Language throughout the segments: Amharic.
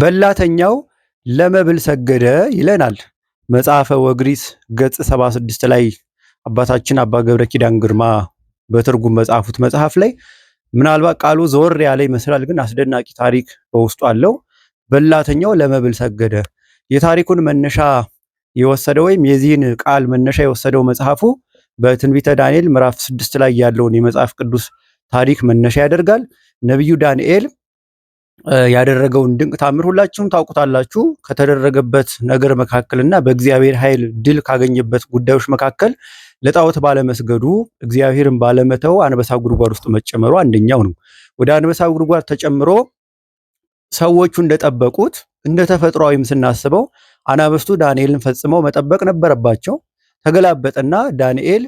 በላተኛው ለመብል ሰገደ ይለናል መጽሐፈ ወግሪስ ገጽ 76 ላይ አባታችን አባ ገብረ ኪዳን ግርማ በትርጉም በጻፉት መጽሐፍ ላይ ምናልባት ቃሉ ዘወር ያለ ይመስላል፣ ግን አስደናቂ ታሪክ በውስጡ አለው። በላተኛው ለመብል ሰገደ። የታሪኩን መነሻ የወሰደ ወይም የዚህን ቃል መነሻ የወሰደው መጽሐፉ በትንቢተ ዳንኤል ምዕራፍ ስድስት ላይ ያለውን የመጽሐፍ ቅዱስ ታሪክ መነሻ ያደርጋል። ነቢዩ ዳንኤል ያደረገውን ድንቅ ታምር ሁላችሁም ታውቁታላችሁ። ከተደረገበት ነገር መካከልና በእግዚአብሔር ኃይል ድል ካገኘበት ጉዳዮች መካከል ለጣዖት ባለመስገዱ እግዚአብሔርን ባለመተው አንበሳ ጉድጓድ ውስጥ መጨመሩ አንደኛው ነው። ወደ አንበሳ ጉድጓድ ተጨምሮ ሰዎቹ እንደጠበቁት እንደ ተፈጥሯዊም ስናስበው አናበስቱ ዳንኤልን ፈጽመው መጠበቅ ነበረባቸው። ተገላበጠና ዳንኤል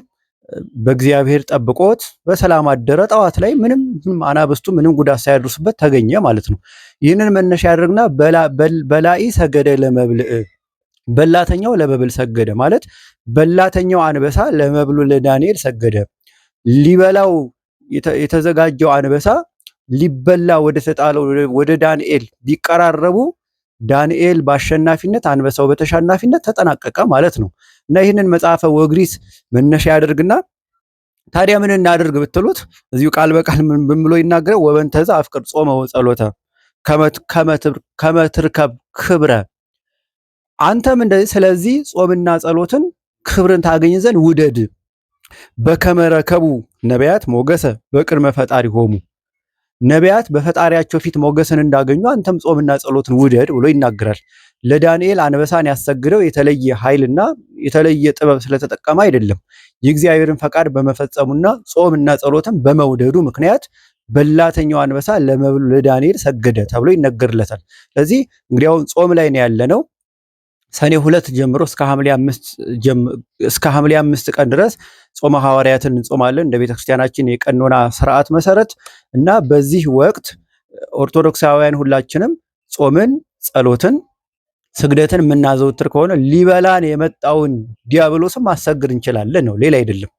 በእግዚአብሔር ጠብቆት በሰላም አደረ። ጠዋት ላይ ምንም አናብስቱ ምንም ጉዳት ሳያደርሱበት ተገኘ ማለት ነው። ይህንን መነሻ ያደርግና በላኢ ሰገደ ለመብል በላተኛው ለመብል ሰገደ ማለት በላተኛው አንበሳ ለመብሉ ለዳንኤል ሰገደ። ሊበላው የተዘጋጀው አንበሳ ሊበላ ወደ ተጣለው ወደ ዳንኤል ቢቀራረቡ ዳንኤል በአሸናፊነት አንበሳው በተሸናፊነት ተጠናቀቀ ማለት ነው። እና ይህንን መጽሐፈ ወግሪስ መነሻ ያደርግና ታዲያ ምን እናደርግ ብትሉት እዚሁ ቃል በቃል ምን ብሎ ይናገረ ወበንተዛ አፍቅር ጾመ ወጸሎተ ከመትርከብ ክብረ አንተም እንደዚህ ስለዚህ ጾምና ጸሎትን ክብርን ታገኝ ዘንድ ውደድ። በከመረከቡ ነቢያት ሞገሰ በቅድመ ፈጣሪ ሆሙ ነቢያት በፈጣሪያቸው ፊት ሞገስን እንዳገኙ አንተም ጾምና ጸሎትን ውደድ ብሎ ይናገራል። ለዳንኤል አንበሳን ያሰግደው የተለየ ኃይልና የተለየ ጥበብ ስለተጠቀመ አይደለም። የእግዚአብሔርን ፈቃድ በመፈጸሙና ጾምና ጸሎትን በመውደዱ ምክንያት በላተኛው አንበሳ ለዳንኤል ሰገደ ተብሎ ይነገርለታል። ስለዚህ እንግዲያውም ጾም ላይ ነው ያለነው። ሰኔ ሁለት ጀምሮ እስከ ሐምሌ አምስት ቀን ድረስ ጾመ ሐዋርያትን እንጾማለን እንደ ቤተክርስቲያናችን የቀኖና ስርዓት መሰረት እና በዚህ ወቅት ኦርቶዶክሳውያን ሁላችንም ጾምን፣ ጸሎትን፣ ስግደትን የምናዘውትር ከሆነ ሊበላን የመጣውን ዲያብሎስም ማሰግድ እንችላለን ነው። ሌላ አይደለም።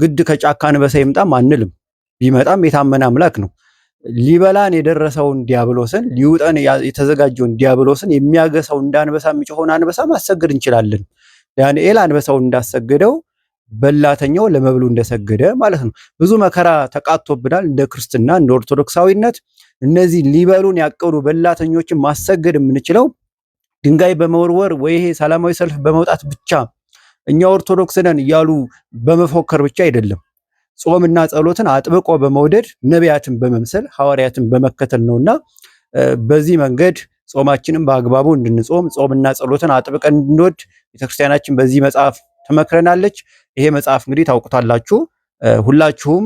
ግድ ከጫካ አንበሳ ይምጣም አንልም። ቢመጣም የታመነ አምላክ ነው። ሊበላን የደረሰውን ዲያብሎስን ሊውጠን የተዘጋጀውን ዲያብሎስን የሚያገሳው እንዳንበሳ የሚጮኸውን አንበሳ ማሰገድ እንችላለን። ዳንኤል አንበሳውን እንዳሰገደው በላተኛው ለመብሉ እንደሰገደ ማለት ነው። ብዙ መከራ ተቃቶብናል። እንደ ክርስትና እንደ ኦርቶዶክሳዊነት እነዚህ ሊበሉን ያቀዱ በላተኞችን ማሰገድ የምንችለው ድንጋይ በመወርወር ወይ ይሄ ሰላማዊ ሰልፍ በመውጣት ብቻ እኛ ኦርቶዶክስ ነን እያሉ በመፎከር ብቻ አይደለም። ጾምና ጸሎትን አጥብቆ በመውደድ ነቢያትን በመምሰል ሐዋርያትን በመከተል ነውና በዚህ መንገድ ጾማችንን በአግባቡ እንድንጾም ጾምና ጸሎትን አጥብቀን እንድንወድ ቤተክርስቲያናችን በዚህ መጽሐፍ ትመክረናለች። ይሄ መጽሐፍ እንግዲህ ታውቁታላችሁ። ሁላችሁም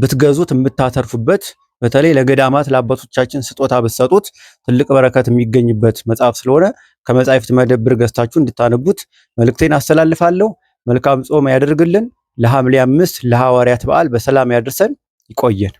ብትገዙት የምታተርፉበት በተለይ ለገዳማት ለአባቶቻችን ስጦታ ብትሰጡት ትልቅ በረከት የሚገኝበት መጽሐፍ ስለሆነ ከመጻሕፍት መደብር ገዝታችሁ እንድታነቡት መልእክቴን አስተላልፋለሁ። መልካም ጾም ያደርግልን። ለሐምሌ አምስት ለሐዋርያት በዓል በሰላም ያድርሰን። ይቆየን።